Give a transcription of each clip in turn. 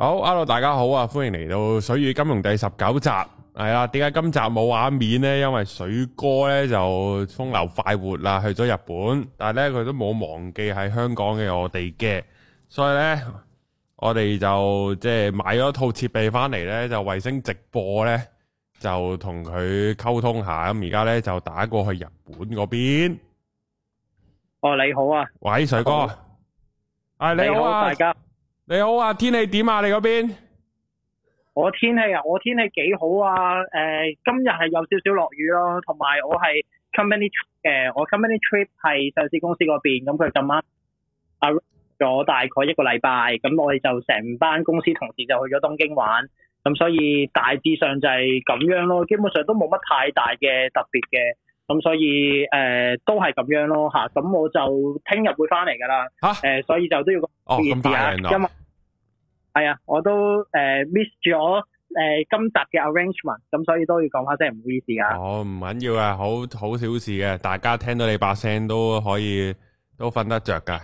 好、oh，hello，大家好啊！歡迎嚟到水與金融第十九集。係啊，點解今集冇畫面呢？因為水哥咧就風流快活啦，去咗日本，但係咧佢都冇忘記喺香港嘅我哋嘅，所以咧我哋就即係、呃、買咗套設備翻嚟咧，就衛星直播咧，就同佢溝通下。咁而家咧就打過去日本嗰邊。哦，你好啊，喂，水哥，係你好，大家。你好啊，天氣點啊？你嗰邊？我天氣啊，我天氣幾好啊。誒、呃，今日係有少少落雨咯、啊，同埋我係 company t 我 company trip 係上市公司嗰邊，咁佢咁晚啊，咗大概一個禮拜，咁我哋就成班公司同事就去咗東京玩，咁所以大致上就係咁樣咯，基本上都冇乜太大嘅特別嘅。咁所以誒、呃、都係咁樣咯吓，咁、啊、我就聽日會翻嚟噶啦吓，誒、啊呃、所以就都要注意下，因為係啊，我都誒 miss 咗誒今集嘅 arrangement，咁所以都要講翻聲唔好意思啊。哦，唔緊為、呃呃、要啊，哦、要好好小事嘅，大家聽到你把聲都可以都瞓得着噶，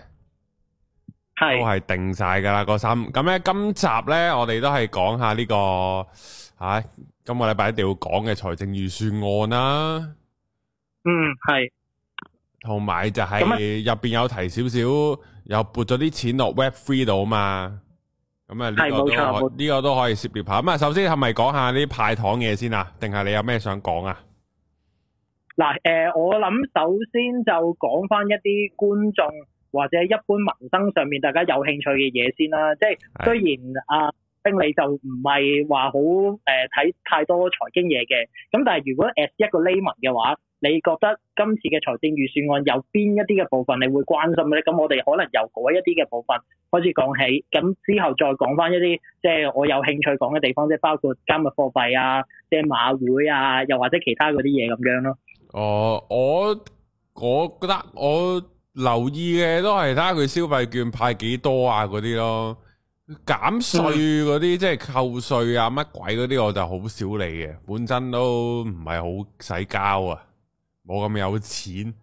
係的都係定晒噶啦個心。咁咧今集咧，我哋都係講下呢、這個吓、啊，今個禮拜一定要講嘅財政預算案啦、啊。嗯，係。同埋就係入邊有提少少，又那撥咗啲錢落 Web Three 度啊嘛。咁啊呢個呢個都可以涉獵下。咁啊，首先係咪講下呢啲派糖嘢先啊？定係你有咩想講啊？嗱，誒，我諗首先就講翻一啲觀眾或者一般民生上面大家有興趣嘅嘢先啦。即係是雖然阿兵你就唔係話好誒睇太多財經嘢嘅，咁但係如果 as 一個 layman 嘅話，你覺得今次嘅財政預算案有邊一啲嘅部分你會關心嘅咧？咁我哋可能由嗰一啲嘅部分開始講起，咁之後再講翻一啲即係我有興趣講嘅地方，即係包括加密貨幣啊、即係馬會啊，又或者其他嗰啲嘢咁樣咯。哦、呃，我我覺得我留意嘅都係睇下佢消費券派幾多啊嗰啲咯，減稅嗰啲即係扣稅啊乜鬼嗰啲我就好少理嘅，本身都唔係好使交啊。冇咁有錢，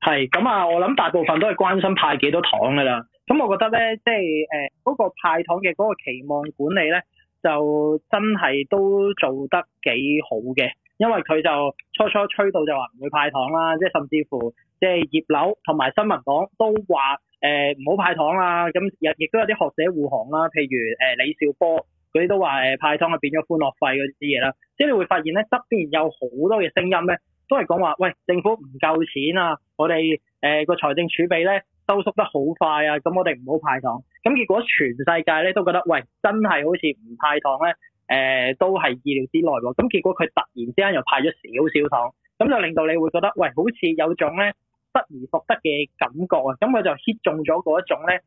係咁啊！我諗大部分都係關心派幾多糖噶啦。咁我覺得咧，即係誒，嗰、呃嗰個派糖嘅嗰個期望管理咧，就真係都做得幾好嘅。因為佢就初初吹到就話唔會派糖啦，即係甚至乎即係葉劉同埋新民黨都話誒唔好派糖啦。咁亦亦都有啲學者護航啦，譬如誒、呃、李兆波佢都話誒、呃、派糖係變咗歡樂費嗰啲嘢啦。即係你會發現咧，側邊有好多嘅聲音咧，都係講話，喂，政府唔夠錢啊，我哋誒個財政儲備咧收縮得好快啊，咁我哋唔好派糖。咁、嗯、結果全世界咧都覺得，喂，真係好似唔派糖咧，誒、呃，都係意料之內喎。咁、嗯、結果佢突然之間又派咗少少糖，咁就令到你會覺得，喂，好似有種咧失而復得嘅感覺啊。咁、嗯、佢就 hit 中咗嗰種咧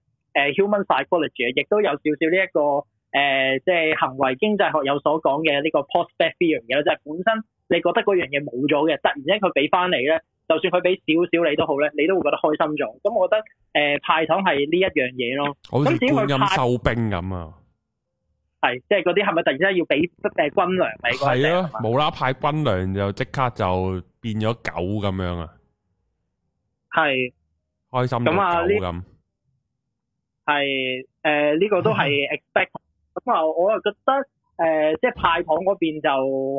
誒 human psychology，亦都有少少呢一個。誒，即係行為經濟學有所講嘅呢個 prospect theory 呢樣嘢咯，即係本身你覺得嗰樣嘢冇咗嘅，突然間佢俾翻你咧，就算佢俾少少你都好咧，你都會覺得開心咗。咁我覺得誒，派糖係呢一樣嘢咯。我好似觀音收兵咁啊。係，即係嗰啲係咪突然間要俾誒軍糧俾佢哋？係咯，無啦啦派軍糧就即刻就變咗狗咁樣啊。係。開心到狗咁。係，誒呢個都係 expect。咁啊，我又覺得誒、呃，即係派糖嗰邊就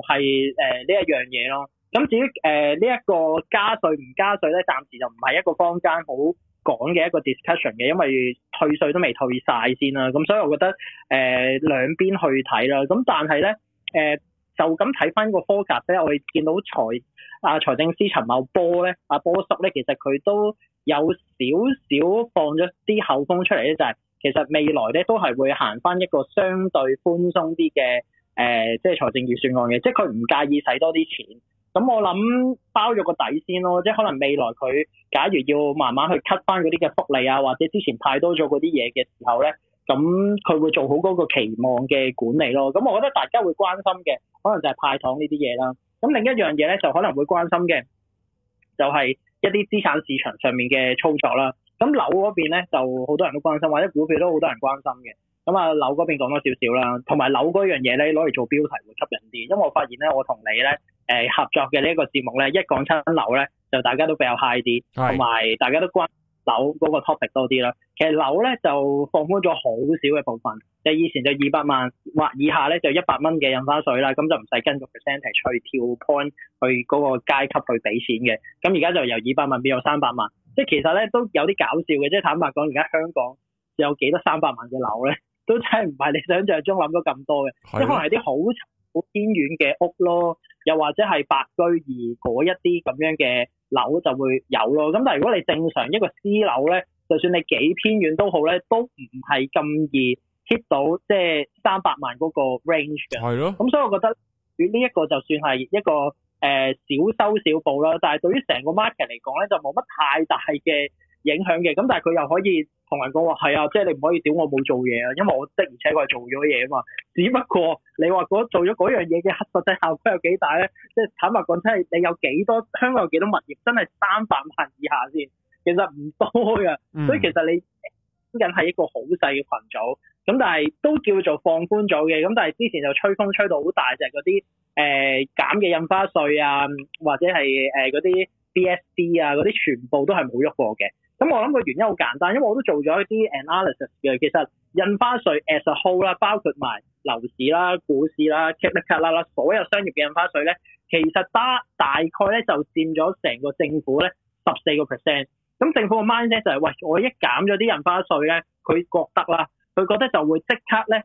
係誒呢一樣嘢咯。咁至於誒呢一個加稅唔加稅咧，暫時就唔係一個坊間好講嘅一個 discussion 嘅，因為退稅都未退晒先啦。咁所以我覺得誒兩邊去睇啦。咁但係咧誒，就咁睇翻個框架咧，我哋見到財啊財政司陳茂波咧，阿、啊、波叔咧，其實佢都有少少放咗啲口風出嚟咧，就係、是。其實未來咧都係會行翻一個相對寬鬆啲嘅誒，即係財政預算案嘅，即係佢唔介意使多啲錢。咁我諗包咗個底先咯，即係可能未來佢假如要慢慢去 cut 翻嗰啲嘅福利啊，或者之前派多咗嗰啲嘢嘅時候咧，咁佢會做好嗰個期望嘅管理咯。咁我覺得大家會關心嘅，可能就係派糖呢啲嘢啦。咁另一樣嘢咧就可能會關心嘅，就係一啲資產市場上面嘅操作啦。咁樓嗰邊咧，就好多人都關心，或者股票都好多人關心嘅。咁啊，樓嗰邊講多少少啦，同埋樓嗰樣嘢咧，攞嚟做標題會吸引啲。因為我發現咧，我同你咧，誒合作嘅呢一個節目咧，一講親樓咧，就大家都比較 high 啲，同埋大家都關樓嗰個 topic 多啲啦。其實樓咧就放寬咗好少嘅部分，就以前就二百萬或以下咧就一百蚊嘅印花稅啦，咁就唔使跟住 percentage 去跳 point 去嗰個階級去俾錢嘅。咁而家就由二百萬變咗三百萬。即係其實咧都有啲搞笑嘅，即係坦白講，而家香港有幾多三百萬嘅樓咧，都真係唔係你想像中諗到咁多嘅，是的 即可能係啲好好偏遠嘅屋咯，又或者係白居二嗰一啲咁樣嘅樓就會有咯。咁但係如果你正常一個私樓咧，就算你幾偏遠都好咧，都唔係咁易 keep 到即係三百萬嗰個 range 嘅。係咯是的、嗯。咁所以我覺得呢一個就算係一個。誒少收少報啦，但係對於成個 market 嚟講咧，就冇乜太大嘅影響嘅。咁但係佢又可以同人講話係啊，即係你唔可以屌我冇做嘢啊，因為我的而且確係做咗嘢啊嘛。只不過你話嗰做咗嗰樣嘢嘅實際效果有幾大咧？即係坦白講真係，你有幾多香港有幾多物業真係三百萬以下先，其實唔多噶。 所以其實你僅係一個好細嘅群組，咁但係都叫做放寬咗嘅。咁但係之前就吹風吹到好大隻嗰啲。誒減嘅印花稅啊，或者係誒嗰啲 BSD 啊，嗰啲全部都係冇喐過嘅。咁我諗個原因好簡單，因為我都做咗一啲 analysis 嘅。其實印花稅 as a whole 啦，包括埋樓市啦、股市啦、click click 啦啦，所有商業嘅印花稅咧，其實得大，大概咧就佔咗成個政府咧十四個 percent。咁政府嘅 mindset 就係、是：喂，我一減咗啲印花稅咧，佢覺得啦，佢覺得就會即刻咧。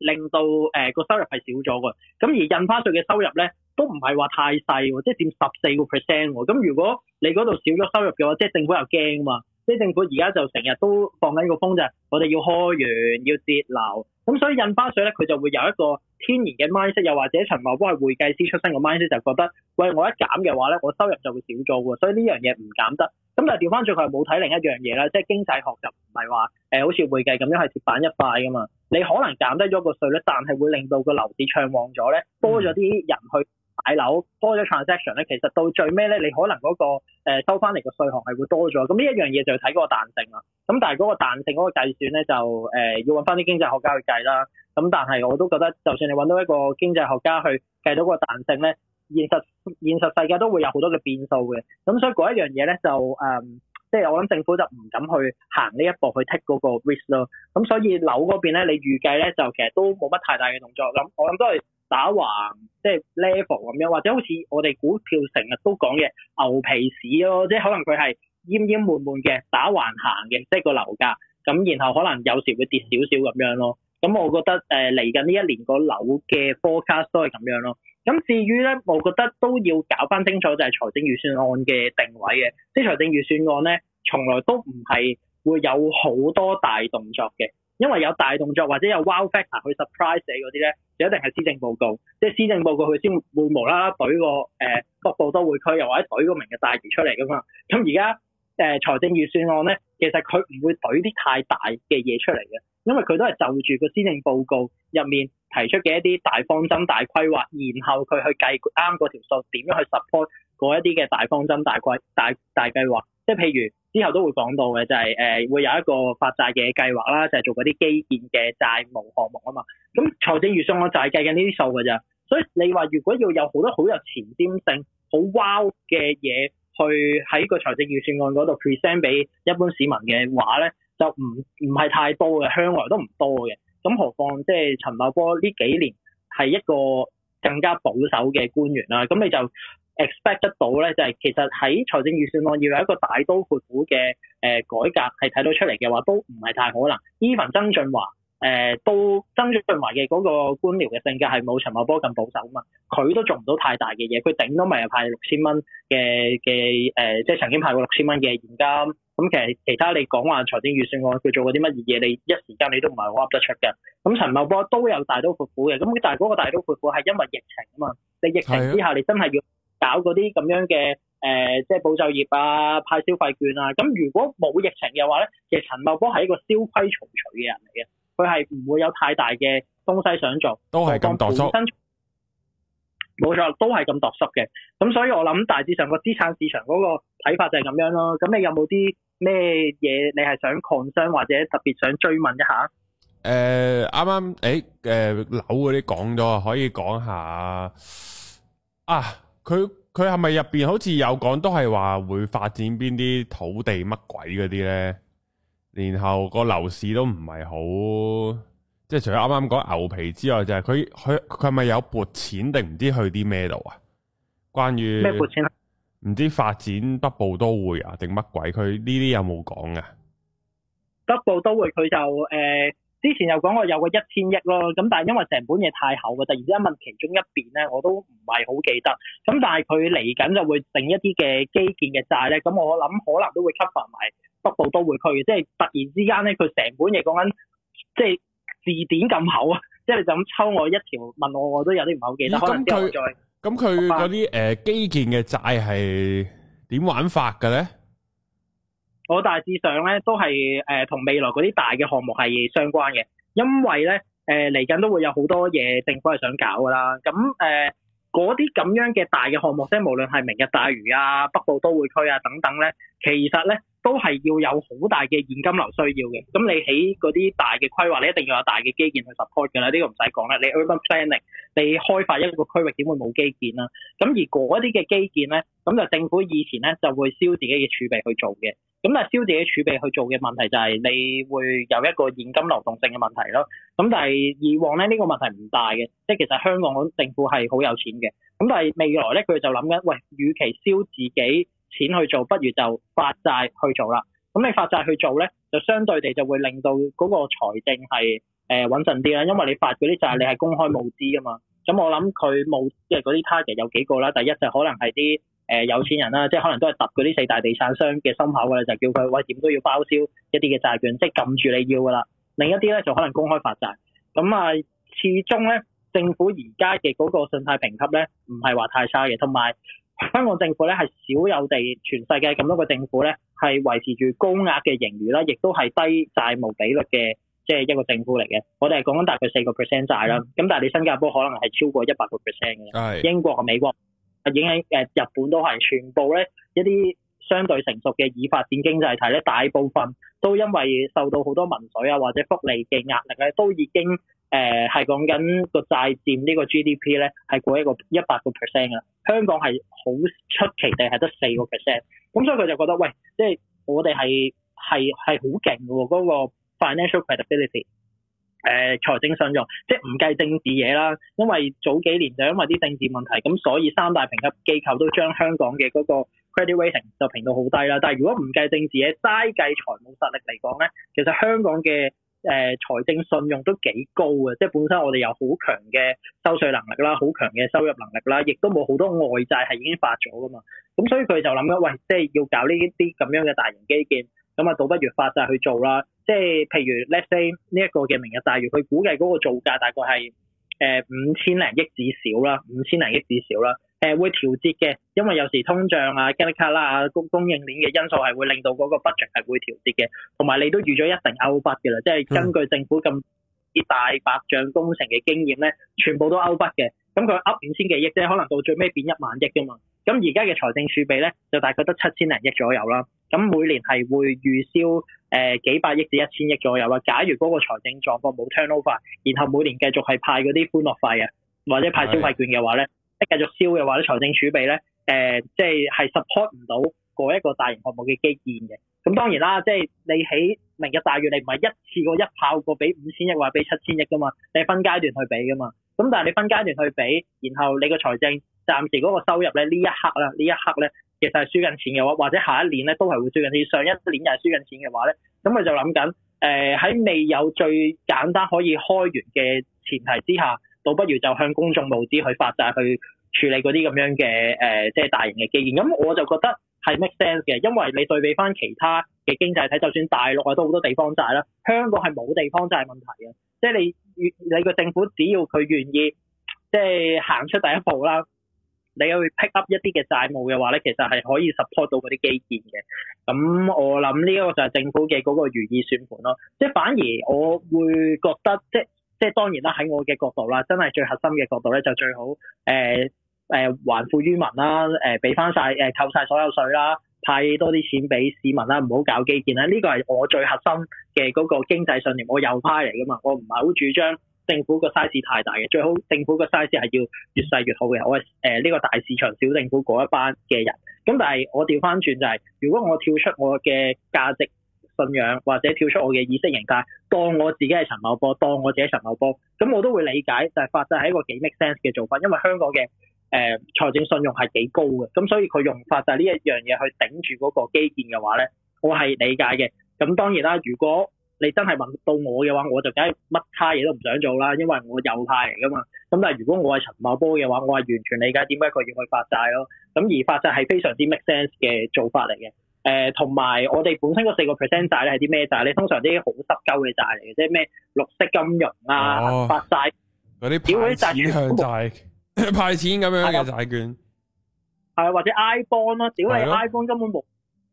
令到誒個、呃、收入係少咗嘅，咁而印花稅嘅收入咧都唔係話太細，即係佔十四個 percent 喎。咁如果你嗰度少咗收入嘅話，即係政府又驚啊嘛。即係政府而家就成日都放緊個風啫、就係，我哋要開源要節流。咁所以印花稅咧，佢就會有一個天然嘅 mindset，又或者陳茂波係會計師出身嘅 mindset 就覺得，喂，我一減嘅話咧，我收入就會少咗喎，所以呢樣嘢唔減得。咁但係調翻轉，佢冇睇另一樣嘢啦，即係經濟學就唔係話誒好似會計咁樣係鐵板一塊噶嘛。你可能減低咗個稅率，但係會令到個樓市暢旺咗咧，多咗啲人去買樓，多咗 transaction 咧，其實到最尾咧，你可能嗰、嗰個、呃、收翻嚟嘅稅項係會多咗。咁呢、呃、一樣嘢就睇嗰個彈性啦。咁但係嗰個彈性嗰個計算咧就誒要揾翻啲經濟學家去計啦。咁但係我都覺得，就算你揾到一個經濟學家去計到個彈性咧，現實現實世界都會有好多嘅變數嘅。咁所以嗰一樣嘢咧就誒。嗯即係我諗政府就唔敢去行呢一步去 take 嗰個 risk 咯，咁所以樓嗰邊咧，你預計咧就其實都冇乜太大嘅動作，咁我諗都係打橫即係 level 咁樣，或者好似我哋股票成日都講嘅牛皮市咯，即係可能佢係奄奄悶悶嘅打橫行嘅，即係個樓價，咁然後可能有時會跌少少咁樣咯，咁我覺得誒嚟緊呢一年個樓嘅 forecast 都係咁樣咯。咁至於咧，我覺得都要搞翻清楚就係財政預算案嘅定位嘅，即係財政預算案咧，從來都唔係會有好多大動作嘅，因為有大動作或者有 wild factor 去 surprise 你嗰啲咧，就一定係施政報告，即係施政報告佢先會，會無啦啦懟個誒北、呃、部都會區，又或者懟個明日大嶼出嚟噶嘛。咁而家誒財政預算案咧，其實佢唔會懟啲太大嘅嘢出嚟嘅，因為佢都係就住個施政報告入面。提出嘅一啲大方針、大規劃，然後佢去計啱嗰條數，點樣去 support 嗰一啲嘅大方針、大規、大大計劃。即係譬如之後都會講到嘅，就係、是、誒、呃、會有一個發債嘅計劃啦，就係、是、做嗰啲基建嘅債務項目啊嘛。咁財政預算案就係計緊呢啲數㗎咋。所以你話如果要有好多好有前瞻性、好 wow 嘅嘢，去喺個財政預算案嗰度 present 俾一般市民嘅話咧，就唔唔係太多嘅，向來都唔多嘅。咁何況即係陳茂波呢幾年係一個更加保守嘅官員啦，咁你就 expect 得到咧，就係其實喺財政預算案要有一個大刀闊斧嘅誒改革係睇到出嚟嘅話，都唔係太可能。even 曾俊華誒，都、呃、曾俊華嘅嗰個官僚嘅性格係冇陳茂波咁保守啊嘛，佢都做唔到太大嘅嘢，佢頂多咪係派六千蚊嘅嘅誒，即係曾經派過六千蚊嘅現金。咁其實其他你講話財政預算案佢做過啲乜嘢嘢，你一時間你都唔係好噏得出嘅。咁陳茂波都有大刀闊斧嘅，咁但係嗰個大刀闊斧係因為疫情啊嘛。你疫情之下，你真係要搞嗰啲咁樣嘅誒、呃，即係補就業啊、派消費券啊。咁如果冇疫情嘅話咧，其實陳茂波係一個蕭規曹隨嘅人嚟嘅，佢係唔會有太大嘅東西想做。都係咁度縮，冇錯，都係咁度縮嘅。咁所以我諗大致上個資產市場嗰個睇法就係咁樣咯。咁你有冇啲？咩嘢？你係想擴商或者特別想追問一下？誒、呃，啱啱誒誒樓嗰啲講咗，可以講下啊！佢佢係咪入邊好似有講，都係話會發展邊啲土地乜鬼嗰啲咧？然後個樓市都唔係好，即係除咗啱啱講牛皮之外，就係佢佢佢係咪有撥錢定唔知去啲咩度啊？關於唔知發展北部都會啊，定乜鬼？佢呢啲有冇講嘅？北部都會佢就誒、呃、之前有講過有個一千億咯，咁但係因為成本嘢太厚嘅，突然之間問其中一邊咧，我都唔係好記得。咁但係佢嚟緊就會定一啲嘅基建嘅債咧，咁我諗可能都會 cover 埋北部都會區，即係突然之間咧，佢成本嘢講緊即係字典咁厚啊，即係你就咁抽我一條問我，我都有啲唔係好記得，呃、可能之後再。咁佢嗰啲誒基建嘅債係點玩法嘅咧？我大致上咧都係誒同未來嗰啲大嘅項目係相關嘅，因為咧誒嚟緊都會有好多嘢政府係想搞噶啦。咁誒嗰啲咁樣嘅大嘅項目，即係無論係明日大嶼啊、北部都會區啊等等咧，其實咧。都係要有好大嘅現金流需要嘅，咁你起嗰啲大嘅規劃，你一定要有大嘅基建去 support 㗎啦，呢個唔使講啦。你 urban planning，你開發一個區域點會冇基建啦？咁而嗰啲嘅基建呢，咁就政府以前呢就會燒自己嘅儲備去做嘅。咁但係燒自己儲備去做嘅問題就係你會有一個現金流動性嘅問題咯。咁但係以往呢，呢個問題唔大嘅，即係其實香港政府係好有錢嘅。咁但係未來呢，佢就諗緊，喂，與其燒自己錢去做，不如就發債去做啦。咁你發債去做呢，就相對地就會令到嗰個財政係誒穩陣啲啦。因為你發嗰啲債，你係公開募資噶嘛。咁我諗佢募即係嗰啲 target 有幾個啦。第一就可能係啲誒有錢人啦，即係可能都係揼嗰啲四大地產商嘅心口嘅，就叫佢喂，點都要包銷一啲嘅債券，即係撳住你要噶啦。另一啲呢，就可能公開發債。咁啊，始終呢，政府而家嘅嗰個信貸評級呢，唔係話太差嘅，同埋。香港政府咧係少有地，全世界咁多個政府咧係維持住高額嘅盈餘啦，亦都係低債務比率嘅，即係一個政府嚟嘅。我哋係講緊大概四個 percent 債啦，咁但係你新加坡可能係超過一百個 percent 嘅。係英國、美國、影響誒日本都係全部咧一啲相對成熟嘅已發展經濟體咧，大部分都因為受到好多民粹啊或者福利嘅壓力咧，都已經。誒係講緊個債佔呢個 GDP 咧，係過一個一百個 percent 㗎喇。香港係好出奇地係得四個 percent。咁所以佢就覺得，喂，即係我哋係係係好勁嘅喎，嗰、嗰個 financial credibility，誒、呃、財政信用，即係唔計政治嘢啦。因為早幾年就因為啲政治問題，咁所以三大評級機構都將香港嘅嗰個 credit rating 就評到好低啦。但係如果唔計政治嘢，齋計財務實力嚟講咧，其實香港嘅誒、呃、財政信用都幾高嘅，即係本身我哋有好強嘅收稅能力啦，好強嘅收入能力啦，亦都冇好多外債係已經發咗㗎嘛。咁、嗯、所以佢就諗咗：呃「喂，即係要搞呢啲咁樣嘅大型基建，咁啊，倒不如發債去做啦。即係譬如，let’s say 呢一個嘅明日大嶼，佢估計嗰個造價大概係誒、呃、五千零億至少啦，五千零億至少啦。誒會調節嘅，因為有時通脹啊、金利卡啦、啊、供供應鏈嘅因素係會令到嗰個 budget 係會調節嘅。同埋你都預咗一定 over budget 嘅啦，即係根據政府咁啲大白象工程嘅經驗咧，全部都 over budget 嘅。咁佢呃五千幾億啫，即係可能到最尾變一萬億噶嘛。咁而家嘅財政儲備咧，就大概得七千零億左右啦。咁每年係會預銷誒幾百億至一千億左右啦。假如嗰個財政狀況冇 turnover，然後每年繼續係派嗰啲歡樂費啊，或者派消費券嘅話咧。即係繼續燒嘅話，啲財政儲備咧，誒、呃，即係係 support 唔到嗰一個大型項目嘅基建嘅。咁當然啦，即係你喺明日大嶼，你唔係一次過一炮過俾五千億或者俾七千億噶嘛，你係分階段去俾噶嘛。咁但係你分階段去俾，然後你個財政暫時嗰個收入咧，呢一刻啦，呢一刻咧，其實係輸緊錢嘅話，或者下一年咧都係會輸緊錢。上一年又係輸緊錢嘅話咧，咁佢就諗緊，誒、呃，喺未有最簡單可以開源嘅前提之下。倒不如就向公眾募資去發債去處理嗰啲咁樣嘅誒、呃，即係大型嘅基建。咁我就覺得係 make sense 嘅，因為你對比返其他嘅經濟體，就算大陸啊都好多地方債啦，香港係冇地方債問題嘅，即係你你個政府只要佢願意，即係行出第一步啦，你去 pick up 一啲嘅債務嘅話咧，其實係可以 support 到嗰啲基建嘅。咁我諗呢一個就係政府嘅嗰個如意算盤咯，即係反而我會覺得即係。即係當然啦，喺我嘅角度啦，真係最核心嘅角度咧，就最好誒誒還富於民啦，誒俾翻曬誒扣晒所有稅啦，派多啲錢俾市民啦，唔好搞基建啦，呢個係我最核心嘅嗰個經濟信念，我右派嚟噶嘛，我唔係好主張政府個 size 太大嘅，最好政府個 size 係要越細越好嘅，我誒呢個大市場小政府嗰一班嘅人。咁但係我調翻轉就係，如果我跳出我嘅價值信仰或者跳出我嘅意識形態，當我自己係陳茂波，當我自己陳茂波，咁我都會理解，但係發債係一個幾 make sense 嘅做法，因為香港嘅誒、呃、財政信用係幾高嘅，咁所以佢用發債呢一樣嘢去頂住嗰個基建嘅話咧，我係理解嘅。咁當然啦，如果你真係問到我嘅話，我就梗係乜卡嘢都唔想做啦，因為我右派嚟噶嘛。咁但係如果我係陳茂波嘅話，我係完全理解點解佢要去發債咯。咁而發債係非常之 make sense 嘅做法嚟嘅。誒，同埋、呃、我哋本身嗰四個 percent 債咧，係啲咩債？你通常啲好濕鳩嘅債嚟嘅，即係咩綠色金融啊、發債嗰啲，點會債向債 派錢咁樣嘅債券？係啊，或者 I bond 咯、啊，屌你的 I bond 根本冇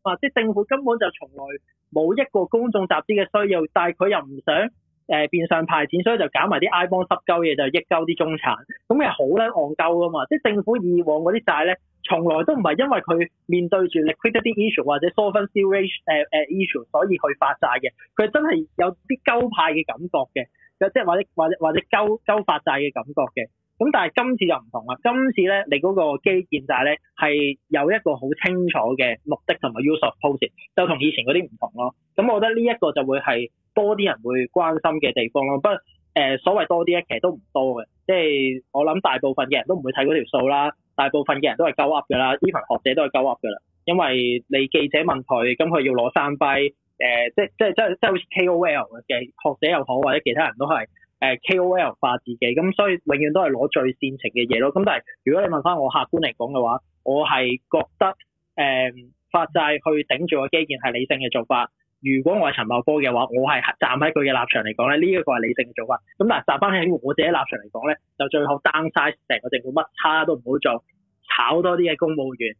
啊？即係的政府根本就從來冇一個公眾集資嘅需要，但係佢又唔想誒、呃、變相派錢，所以就搞埋啲 I bond 濕鳩嘢，就益鳩啲中產，咁係好咧，戇鳩噶嘛？即、就、係、是、政府以往嗰啲債咧。從來都唔係因為佢面對住 liquidity issue 或者 shortfall situation 誒誒 issue 所以去發債嘅，佢真係有啲鳩派嘅感覺嘅，即即或者或者或者鳩鳩發債嘅感覺嘅。咁但係今次就唔同啦，今次咧你嗰個基建債咧係有一個好清楚嘅目的同埋 use of purpose，就同以前嗰啲唔同咯。咁我覺得呢一個就會係多啲人會關心嘅地方咯。不過誒所謂多啲咧，其實都唔多嘅，即係我諗大部分嘅人都唔會睇嗰條數啦。大部分嘅人都係鳩噏嘅啦呢 even 學者都係鳩噏嘅啦，因為你記者問佢，咁佢要攞 soundbite，誒、呃、即即即即好似 K O L 嘅，學者又好或者其他人都係誒、呃、K O L 化自己，咁所以永遠都係攞最煽情嘅嘢咯。咁但係如果你問翻我客觀嚟講嘅話，我係覺得誒、呃、發債去頂住個基建係理性嘅做法。如果我係陳茂波嘅話，我係站喺佢嘅立場嚟講咧，呢、這、一個係理性嘅做法。咁但係站翻喺我自己立場嚟講咧，就最好 down 晒成個政府乜差都唔好做，炒多啲嘅公務員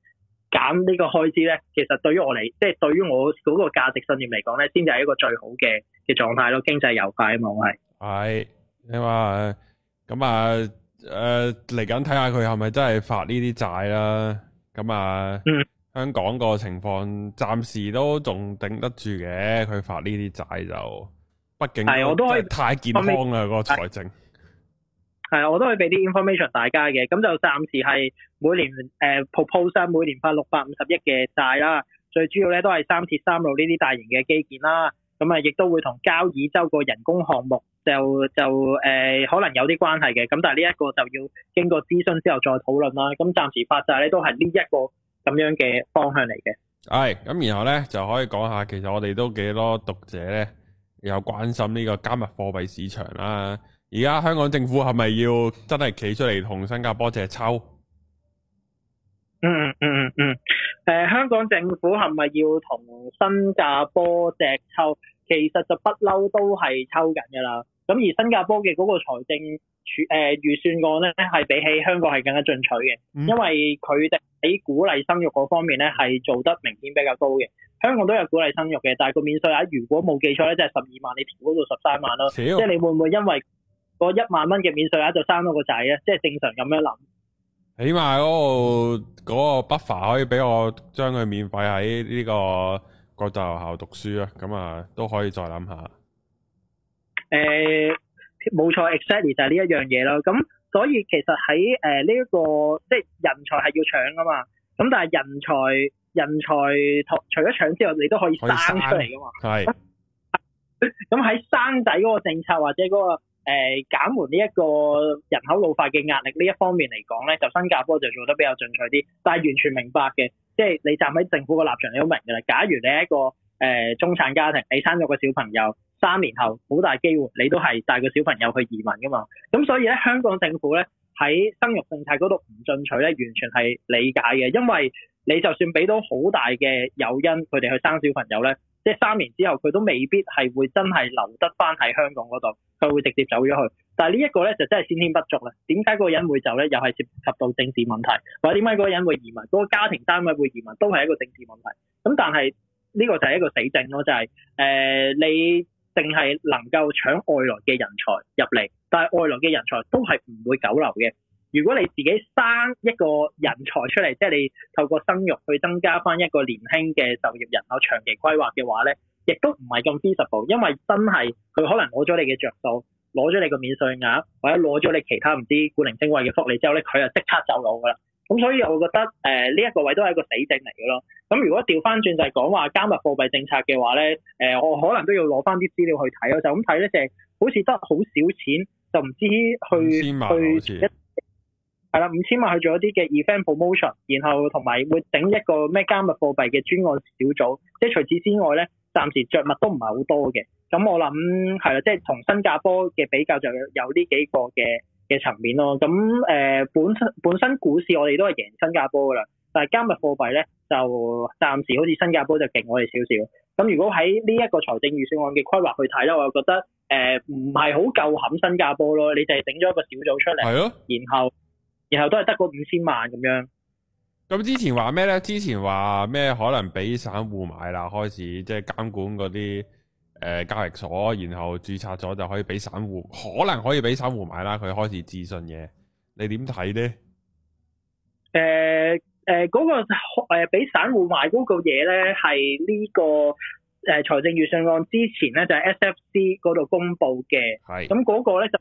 減呢個開支咧，其實對於我嚟，即、就、係、是、對於我嗰個價值信念嚟講咧，先至係一個最好嘅嘅狀態咯。經濟又快嘛，我係。係、哎、你話咁啊？誒嚟緊睇下佢係咪真係發呢啲債啦？咁啊嗯。香港個情況暫時都仲頂得住嘅，佢發呢啲債就，畢竟都太健康啦個財政。係，我都可以俾啲 information 大家嘅，咁就暫時係每年誒 propose 啦，呃、Prop ose，每年發六百五十億嘅債啦。最主要咧都係三鐵三路呢啲大型嘅基建啦。咁啊，亦都會同交椅洲個人工項目就就誒、呃、可能有啲關係嘅。咁但係呢一個就要經過諮詢之後再討論啦。咁暫時發債咧都係呢一個。咁樣嘅方向嚟嘅。係，哎，咁然後咧就可以講下，其實我哋都幾多讀者咧又關心呢個加密貨幣市場啦。而家香港政府係咪要真係企出嚟同新加坡隻抽？嗯嗯嗯嗯嗯。誒，嗯嗯嗯呃，香港政府係咪要同新加坡隻抽？其實就不嬲都係抽緊㗎啦。咁而新加坡嘅嗰個財政處預算案呢，係比起香港係更加進取嘅，嗯、因為佢哋喺鼓勵生育嗰方面呢，係做得明顯比較高嘅。香港都有鼓勵生育嘅，但係個免稅額如果冇記錯呢，即係十二萬，你調高到十三萬咯。了即係你會唔會因為個一萬蚊嘅免稅額就生咗個仔呢？即、就、係、是、正常咁樣諗。起碼嗰個北個、er、可以俾我將佢免費喺呢個國際學校讀書啊！咁啊都可以再諗下。誒，冇錯、呃、exactly 就係呢一樣嘢咯。咁所以其實喺誒呢一個即係人才係要搶噶嘛。咁但係人才人才除咗搶之外，你都可以生出嚟噶嘛。係。咁喺 生仔嗰個政策或者嗰、嗰個、誒減緩呢一個人口老化嘅壓力呢一方面嚟講咧，就新加坡就做得比較進取啲。但係完全明白嘅，即係你站喺政府個立場，你都明噶啦。假如你係一個誒、呃、中產家庭，你生咗個小朋友。三年後好大機會，你都係帶個小朋友去移民噶嘛？咁所以咧，香港政府咧喺生育政策嗰度唔進取咧，完全係理解嘅，因為你就算俾到好大嘅誘因，佢哋去生小朋友咧，即係三年之後佢都未必係會真係留得返喺香港嗰度，佢會直接走咗去。但係呢一個咧就真係先天不足啦。點解嗰個人會走咧？又係涉及到政治問題，或者點解嗰個人會移民，嗰、那個家庭單位會移民都係一個政治問題。咁但係呢、這個就係一個死證咯，就係、是、誒、呃、你。淨係能夠搶外來嘅人才入嚟，但係外來嘅人才都係唔會久留嘅。如果你自己生一個人才出嚟，即係你透過生育去增加翻一個年輕嘅就業人口長期規劃嘅話呢亦都唔係咁 feasible，因為真係佢可能攞咗你嘅着數，攞咗你個免稅額，或者攞咗你其他唔知古靈精怪嘅福利之後呢佢就即刻走佬噶啦。咁所以，我覺得誒呢一個位都係一個死症嚟嘅咯。咁如果調翻轉就係講話加密貨幣政策嘅話咧，誒、呃，我可能都要攞翻啲資料去睇咯。就咁睇咧，就係好似得好少錢，就唔知去去一係啦，五千萬去做一啲嘅 event promotion，然後同埋會整一個咩加密貨幣嘅專案小組，即係除此之外咧，暫時着墨都唔係好多嘅。咁我諗係啦，即係同新加坡嘅比較就有呢幾個嘅嘅層面咯，咁誒、呃、本身本身股市我哋都係贏新加坡噶啦，但係加密貨幣咧就暫時好似新加坡就勁我哋少少。咁如果喺呢一個財政預算案嘅規劃去睇咧，我就覺得誒唔係好夠冚新加坡咯，你就係整咗一個小組出嚟，啊，然後然後都係得個五千萬咁樣。咁之前話咩咧？之前話咩可能俾散戶買啦，開始即係監管嗰啲。誒交易所，然後註冊咗就可以俾散戶，可能可以俾散戶買啦。佢開始諮詢嘢，你點睇呢？誒誒、呃，嗰、呃個俾、呃、散戶買嗰個嘢呢，係呢、個誒財、呃、政預算案之前呢，就係、是、SFC 嗰度公佈嘅。係是。咁嗰、嗯個咧就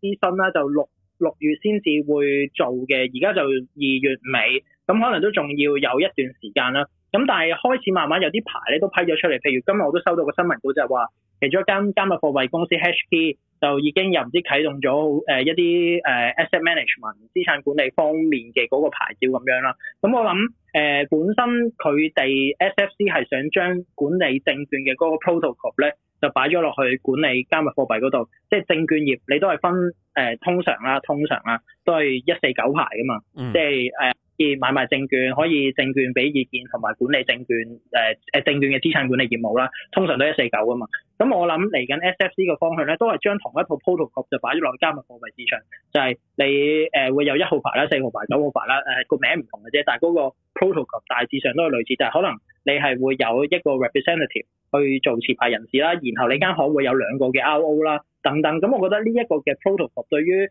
諮詢咧，就六六月先至會做嘅，而家就二月尾，咁、嗯、可能都仲要有一段時間啦。咁但係開始慢慢有啲牌咧都批咗出嚟，譬如今日我都收到個新聞稿就係話，其中一間加密貨幣公司 HK 就已經又唔知啟動咗誒一啲誒 asset management 資產管理方面嘅嗰個牌照咁樣啦。咁、嗯、我諗誒、呃、本身佢哋 SFC 係想將管理證券嘅嗰個 protocol 咧，就擺咗落去管理加密貨幣嗰度，即係證券業你都係分誒、呃、通常啦、通常啦，都係一四九牌噶嘛，嗯、即係誒。呃以買賣證券，可以證券俾意見同埋管理證券，誒、呃、誒證券嘅資產管理業務啦，通常都一四九㗎嘛。咁我諗嚟緊 SFC 呢個方向咧，都係將同一套 protocol 就擺咗落加密貨幣市場，就係、是、你誒、呃、會有一號牌啦、四號牌、九號牌啦，誒、呃、個名唔同嘅啫，但係嗰個 protocol 大致上都係類似，就係可能。你係會有一個 representative 去做持牌人士啦，然後你間行會有兩個嘅 RO 啦，等等。咁、嗯、我覺得呢一個嘅 protocol、ok、對於誒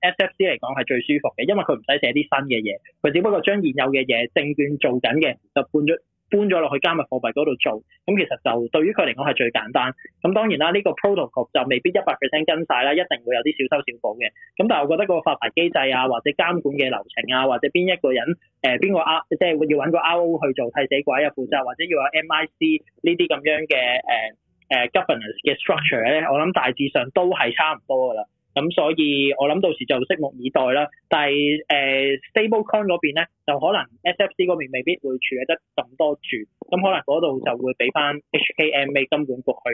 SFC 嚟講係最舒服嘅，因為佢唔使寫啲新嘅嘢，佢只不過將現有嘅嘢證券做緊嘅就搬咗。搬咗落去加密貨幣嗰度做，咁其實就對於佢嚟講係最簡單。咁當然啦，呢、呢個 protocol 就未必一百 percent 跟晒啦，一定會有啲小修小補嘅。咁但係我覺得嗰個發牌機制啊，或者監管嘅流程啊，或者邊一個人誒邊、呃、個 R、呃、即係要揾個 RO 去做替死鬼啊負責，或者要有 MiC、呃呃、呢啲咁樣嘅誒誒 governance 嘅 structure 咧，我諗大致上都係差唔多噶啦。咁所以我諗到時就拭目以待啦，但係誒、呃、stablecoin 嗰邊咧，就可能 SFC 嗰邊未必會處理得咁多住，咁可能嗰度就會俾翻 HKMA 金管局去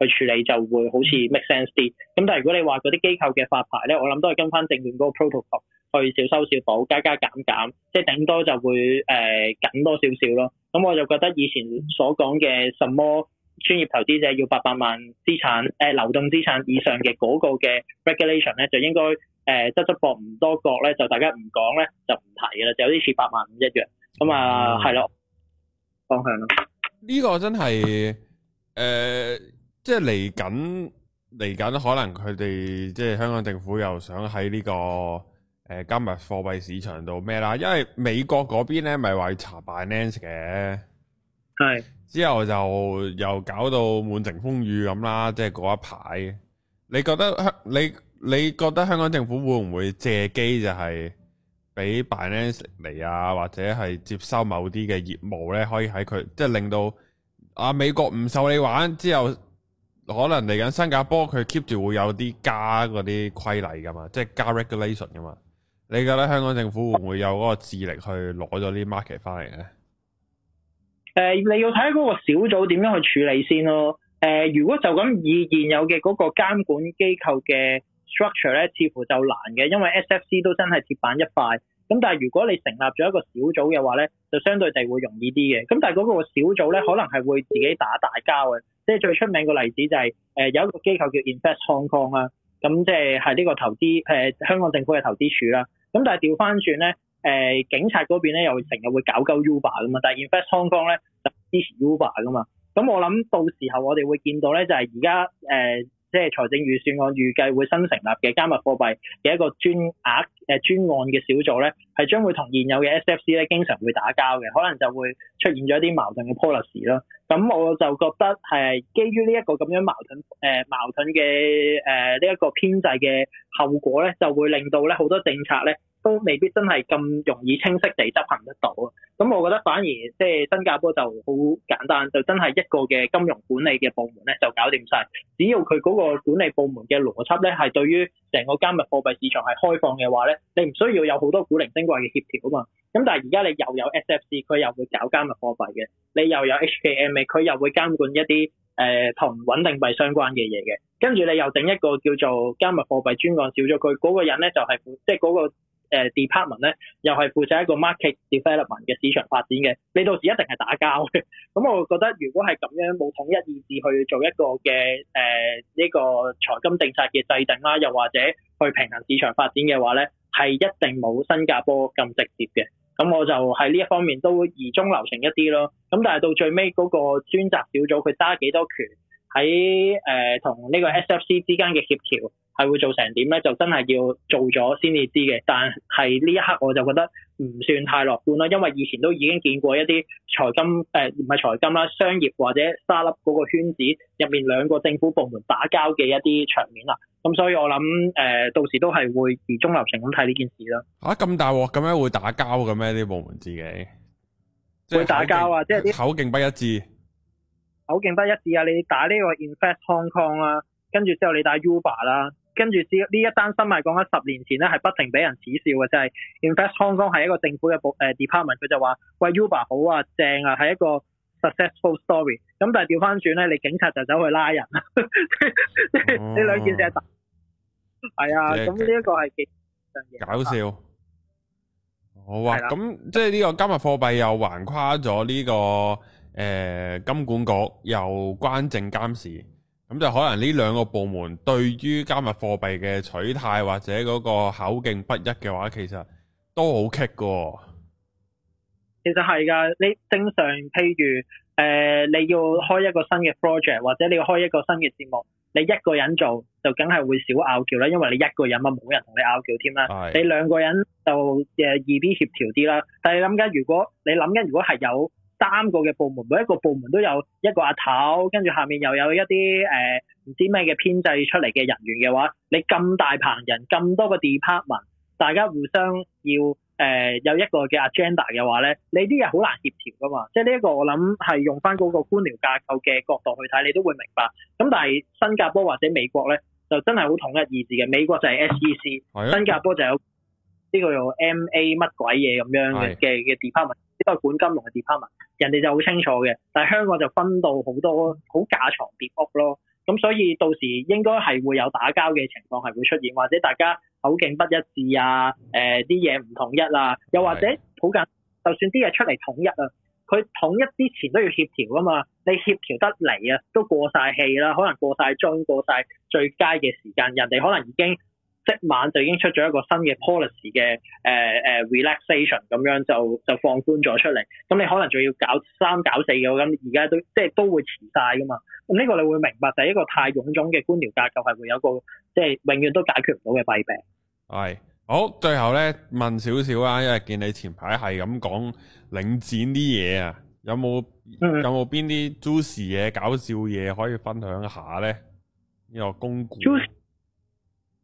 去處理，就會好似 make sense 啲。咁 但係如果你話嗰啲機構嘅發牌咧，我諗都係跟翻政府嗰個 protocol 去少收少補，加加減減，即係頂多就會誒、呃、緊多少少咯。咁我就覺得以前所講嘅什麼，專業投資者要八百萬資產，誒、呃、流動資產以上嘅嗰個嘅 regulation 咧，就應該誒執足博唔多角咧，就大家唔講咧，就唔提噶啦，就有啲似八萬五一樣。咁、嗯、啊，係咯、嗯嗯，方向咯。呢個真係誒、呃，即係嚟緊嚟緊，可能佢哋即係香港政府又想喺呢、這個誒加密貨幣市場度咩啦？因為美國嗰邊咧，咪話查 Binance 嘅。係之後就又搞到滿城風雨咁啦，即係嗰一排。你覺得香你你覺得香港政府會唔會借機就係俾 Binance 嚟啊，或者係接收某啲嘅業務咧？可以喺佢即係令到啊美國唔受你玩之後，可能嚟緊新加坡佢 keep 住會有啲加嗰啲規例噶嘛，即係加 regulation 噶嘛。你覺得香港政府會唔會有嗰個智力去攞咗啲 market 翻嚟咧？誒、呃，你要睇下嗰個小組點樣去處理先咯。誒、呃，如果就咁以現有嘅嗰個監管機構嘅 structure 咧，似乎就難嘅，因為 SFC 都真係鐵板一塊。咁但係如果你成立咗一個小組嘅話咧，就相對地會容易啲嘅。咁但係嗰個小組咧，可能係會自己打大交嘅。即係最出名個例子就係、是、誒、呃、有一個機構叫 Invest Hong Kong 啦、啊，咁即係係呢個投資誒、呃、香港政府嘅投資處啦。咁但係調翻轉咧。誒、呃、警察嗰邊咧又成日會搞鳩 Uber 噶嘛，但係 in fact 倉方咧就支持 Uber 噶嘛，咁我諗到時候我哋會見到咧就係而家誒即係財政預算案預計會新成立嘅加密貨幣嘅一個專額誒、啊、專案嘅小組咧，係將會同現有嘅 SFC 咧經常會打交嘅，可能就會出現咗一啲矛盾嘅 policy 咯。咁我就覺得係、呃、基於呢一個咁樣矛盾誒、呃、矛盾嘅誒呢一個編制嘅後果咧，就會令到咧好多政策咧，都未必真係咁容易清晰地執行得到，咁我覺得反而即係新加坡就好簡單，就真係一個嘅金融管理嘅部門咧就搞掂曬，只要佢嗰個管理部門嘅邏輯咧係對於成個加密貨幣市場係開放嘅話咧，你唔需要有好多古靈精怪嘅協調啊嘛，咁但係而家你又有 SFC 佢又會搞加密貨幣嘅，你又有 HKMA 佢又會監管一啲誒同穩定幣相關嘅嘢嘅，跟住你又整一個叫做加密貨幣專項小組，佢嗰個人咧就係即係嗰個。誒 department 咧，又係負責一個 market development 嘅市場發展嘅，你到時一定係打交嘅。咁、嗯、我覺得如果係咁樣冇統一意志去做一個嘅誒呢個財金政策嘅制定啦，又或者去平衡市場發展嘅話咧，係一定冇新加坡咁直接嘅。咁、嗯、我就喺呢一方面都會疑中留情一啲咯。咁、嗯、但係到最尾嗰個專責小組佢揸幾多權喺誒同呢個 SFC 之間嘅協調？係會做成點咧？就真係要做咗先至知嘅。但係呢一刻我就覺得唔算太樂觀啦，因為以前都已經見過一啲財金誒，唔係、呃、財金啦，商業或者沙粒嗰個圈子入面兩個政府部門打交嘅一啲場面啦。咁所以我諗誒、呃，到時都係會持中立性咁睇呢件事啦。吓，咁大鑊咁樣會打交嘅咩？啲部門自己會打交啊！即係啲口徑不一致，口徑不一致啊！你打呢個 Invest Hong Kong 啦、啊，跟住之後你打 Uber 啦、啊。跟住呢一單新聞講緊十年前呢，係不停俾人恥笑嘅，就係、是、Invest Hong Kong 係一個政府嘅部誒、呃、department，佢就話喂 Uber 好啊正啊，係一個 successful story。咁、嗯、但係調返轉咧，你警察就走去拉人，即係呢兩件事係啊，咁呢一個係幾搞笑。好啊，咁的即係呢個加密貨幣又橫跨咗呢、這個誒、呃、金管局又關證監事。咁就可能呢兩個部門對於加密貨幣嘅取態或者嗰個口徑不一嘅話，其實都好棘噶。其實係噶，你正常譬如誒、呃，你要開一個新嘅 project 或者你要開一個新嘅節目，你一個人做就梗係會少拗撬啦，因為你一個人啊冇人同你拗撬添啦。的你兩個人就誒易啲協調啲啦。但係諗緊，如果你諗緊，如果係有。三個嘅部門，每一個部門都有一個阿頭，跟住下面又有一啲誒唔知咩嘅編制出嚟嘅人員嘅話，你咁大棚人，咁多個 department，大家互相要誒、呃、有一個嘅 agenda 嘅話咧，你啲嘢好難協調噶嘛。即係呢一個我諗係用翻嗰個官僚架構嘅角度去睇，你都會明白。咁但係新加坡或者美國咧，就真係好統一意志嘅。美國就係 SEC、啊、新加坡就有呢個叫 MA 乜鬼嘢咁樣嘅嘅 department。都係管金融嘅 department，人哋就好清楚嘅，但係香港就分到好多好架床疊屋咯，咁所以到時應該係會有打交嘅情況係會出現，或者大家口徑不一致啊，誒啲嘢唔統一啦，又或者好簡，就算啲嘢出嚟統一啊，佢統一之前都要協調噶嘛，你協調得嚟啊，都過晒氣啦，可能過晒鐘過晒最佳嘅時間，人哋可能已經。即晚就已經出咗一個新嘅 policy 嘅誒誒、呃呃、relaxation 咁樣就就放寬咗出嚟，咁你可能仲要搞三搞四嘅咁，而家都即係都會遲晒噶嘛，咁、嗯、呢、這個你會明白就係、係、一個太臃腫嘅官僚架構係會有個即係永遠都解決唔到嘅弊病。係好，最後咧問少少啊，因為見你前排係咁講領展啲嘢啊，有冇有冇邊啲 juice 嘢搞笑嘢可以分享一下咧？呢、這個公股。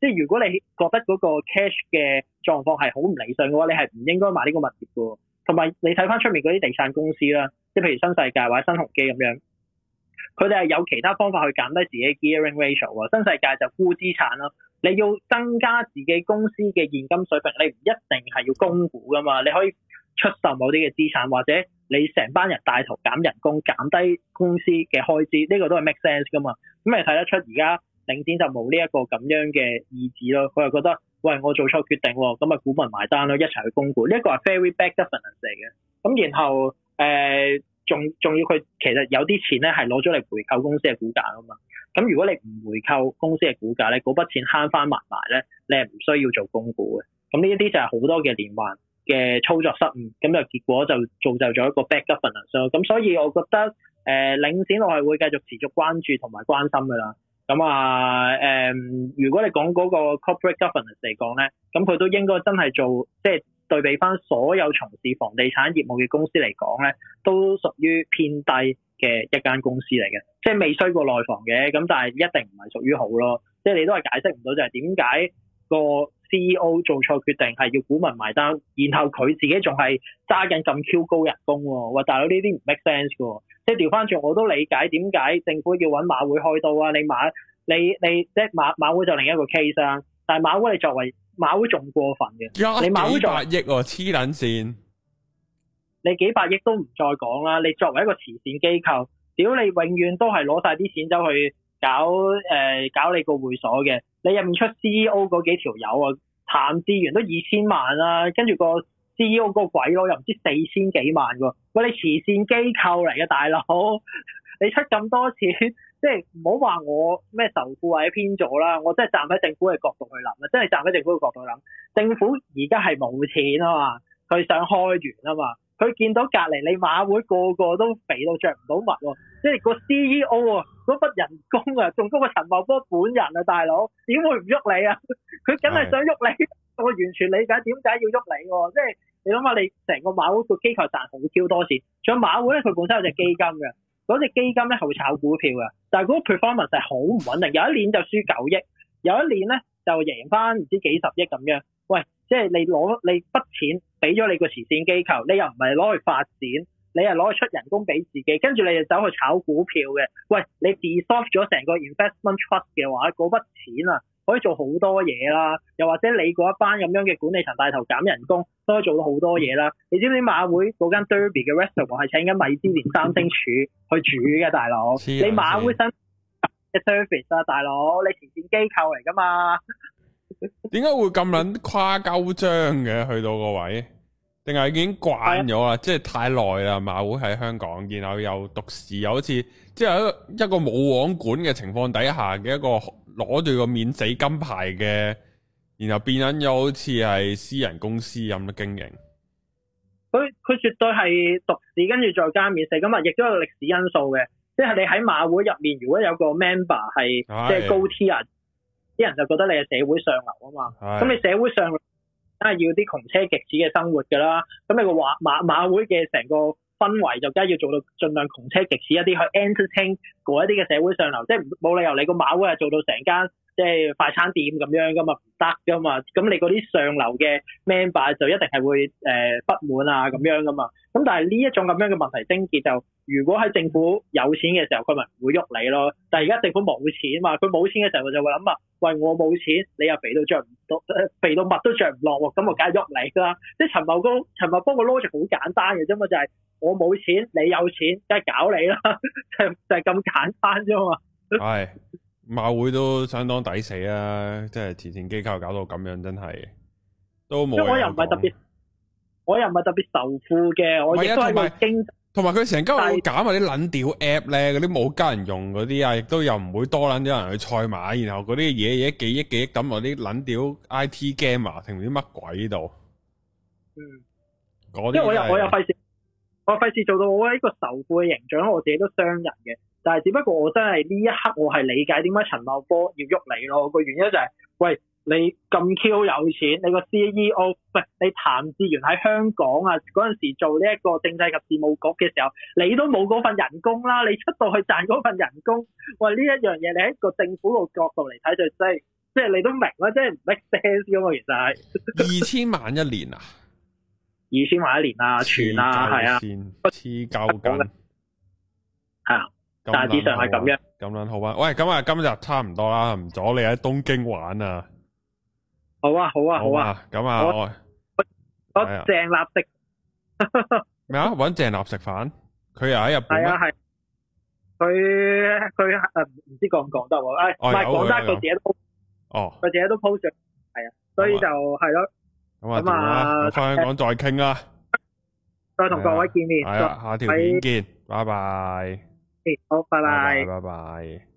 即係如果你覺得嗰個 cash 嘅狀況係好唔理想嘅話，你係唔應該買呢個物業嘅。同埋你睇返出面嗰啲地產公司啦，即係譬如新世界或者新鴻基咁樣，佢哋係有其他方法去減低自己 gearing ratio 啊。新世界就沽資產啦。你要增加自己公司嘅現金水平，你唔一定係要供股噶嘛。你可以出售某啲嘅資產，或者你成班人帶頭減人工，減低公司嘅開支，呢個都係 make sense 噶嘛。咁你睇得出而家。領展就冇呢一個咁樣嘅意志咯，佢又覺得喂我做錯決定喎，咁啊股民埋單咯，一齊去公股呢一、這個係 very bad governance 嚟嘅。咁然後誒，仲、呃、仲要佢其實有啲錢咧係攞咗嚟回購公司嘅股價啊嘛。咁如果你唔回購公司嘅股價咧，嗰筆錢慳翻埋埋咧，你係唔需要做公股嘅。咁呢一啲就係好多嘅連環嘅操作失誤，咁就結果就造就咗一個 bad governance 咯。咁所以我覺得誒、呃、領展我係會繼續持續關注同埋關心㗎啦。咁啊，誒、嗯，如果你講嗰個 corporate governance 嚟講咧，咁佢都應該真係做，即係對比翻所有從事房地產業務嘅公司嚟講咧，都屬於偏低嘅一間公司嚟嘅，即係未衰過內房嘅，咁但係一定唔係屬於好咯，即係你都係解釋唔到就係點解個 CEO 做錯決定係要股民埋單，然後佢自己仲係揸緊咁 Q 高人工喎，哇大佬呢啲唔 make sense 嘅喎。即係調翻轉，我都理解點解政府要揾馬會開刀啊！你馬，你你即係馬馬會就另一個 case、啊、但係馬會你作為馬會仲過分嘅，啊、你馬會百億黐撚線。你幾百億都唔再講啦。你作為一個慈善機構，屌你永遠都係攞晒啲錢走去搞誒、呃、搞你個會所嘅。你入唔出 CEO 嗰幾條友啊，譚志源都二千萬啦、啊，跟住、個。C E O 個鬼佬又唔知四千幾萬喎，喂你慈善機構嚟嘅大佬，你出咁多錢，即係唔好話我咩仇富或者偏左啦，我真係站喺政府嘅角度去諗啊，真係站喺政府嘅角度諗，政府而家係冇錢啊嘛，佢想開源啊嘛，佢見到隔離你馬會個,個個都肥到着唔到襪喎，即係個 C E O 嗰筆人工啊，仲高過陳茂波本人啊，大佬點會唔喐你啊？佢梗係想喐你。我完全理解點解要喐你喎，即係你諗下，你成個馬會個機構賺好超多錢，仲有馬會咧，佢本身有隻基金嘅，嗰隻基金咧，佢會炒股票嘅，但係嗰個 performance 係好唔穩定，有一年就輸九億，有一年咧就贏翻唔知幾十億咁樣。喂，即係你攞你筆錢俾咗你個慈善機構，你又唔係攞去發展，你係攞去出人工俾自己，跟住你又走去炒股票嘅。喂，你 dissolve 咗成個 investment trust 嘅話，嗰筆錢啊～可以做好多嘢啦，又或者你嗰一班咁樣嘅管理層帶頭減人工，都可以做到好多嘢啦。你知唔知馬會嗰間 Derby 嘅 restaurant 係 請緊米芝蓮三星廚去煮嘅，大佬？ 你馬會新嘅 service 啊，大佬，你前線機構嚟㗎嘛？點 解會咁撚誇鳩張嘅？去到個位？定係已經慣咗啦，的即係太耐啦。馬會喺香港，然後又獨市，又好似即係一個冇王管嘅情況底下嘅一個攞住個免死金牌嘅，然後變緊又好似係私人公司咁樣經營。所以佢絕對係獨市，跟住再加免死金牌，亦都有歷史因素嘅。即係你喺馬會入面，如果有個 member 係即係高鐵人，啲人就覺得你係社會上流啊嘛。咁的你社會上梗係要啲窮奢極侈嘅生活㗎啦，咁你個話馬馬，馬會嘅成個氛圍就梗係要做到盡量窮奢極侈一啲，去 entertain 嗰一啲嘅社會上流，即係冇理由你個馬會係做到成間，即係快餐店咁樣噶嘛，唔得噶嘛，咁你嗰啲上流嘅 member 就一定係會誒不滿啊咁樣噶嘛。咁但係呢一種咁樣嘅問題症結就，如果喺政府有錢嘅時候，佢咪唔會喐你咯。但係而家政府冇錢嘛，佢冇錢嘅時候，佢就會諗啊，喂，我冇錢，你又肥到着唔到，肥到襪都著唔落喎，咁我梗係喐你噶啦。即係陳茂波，陳茂波個 logic 好簡單嘅啫嘛，就係我冇錢，你有錢，梗係搞你啦，就就係咁簡單啫嘛。係。馬會都相當抵死啦，啊，即係慈善機構搞到咁樣，真係都冇人講。我又唔係特別，我又唔係特別仇富嘅，我亦都係唔經。同埋佢成間會搞埋啲撚屌 app 咧，嗰啲冇家人用嗰啲啊，亦都又唔會多撚啲人去賽馬，然後嗰啲嘢嘢幾億幾億咁落啲撚屌 IT game 啊，定唔知乜鬼度。嗯。就是、因為我又我又費事。我費事做到我喺一個仇富嘅形象，我自己都傷人嘅。但係只不過我真係呢一刻，我係理解點解陳茂波要喐你咯。個原因就係，喂，你咁 Q 有錢，你個 CEO，唔係你譚志源喺香港啊嗰陣時做呢一個政制及事務局嘅時候，你都冇嗰份人工啦。你出到去賺嗰份人工，喂呢一樣嘢，你喺個政府個角度嚟睇就真係，即係你都明啦，即係唔 make sense 嘅嘛？原來係二千萬一年啊！二千萬一年啊，全啊，係啊，黐鳩緊，係啊，大致上係咁樣，咁樣好啊，喂，咁啊，今日差唔多啦，唔阻你喺東京玩啊，好啊，好啊，好啊，咁啊，我我鄭立食咩啊？搵鄭立食飯，佢又喺日本，啊係，佢佢唔知講唔講得喎，哎，唔係講得佢自己都，哦，佢自己都 po 上，係啊，所以就係咯。咁啊，返、嗯、香港再傾啦，再同各位見面，係啦、嗯，了下條片見，拜拜。好，拜拜，好拜拜。拜拜拜拜。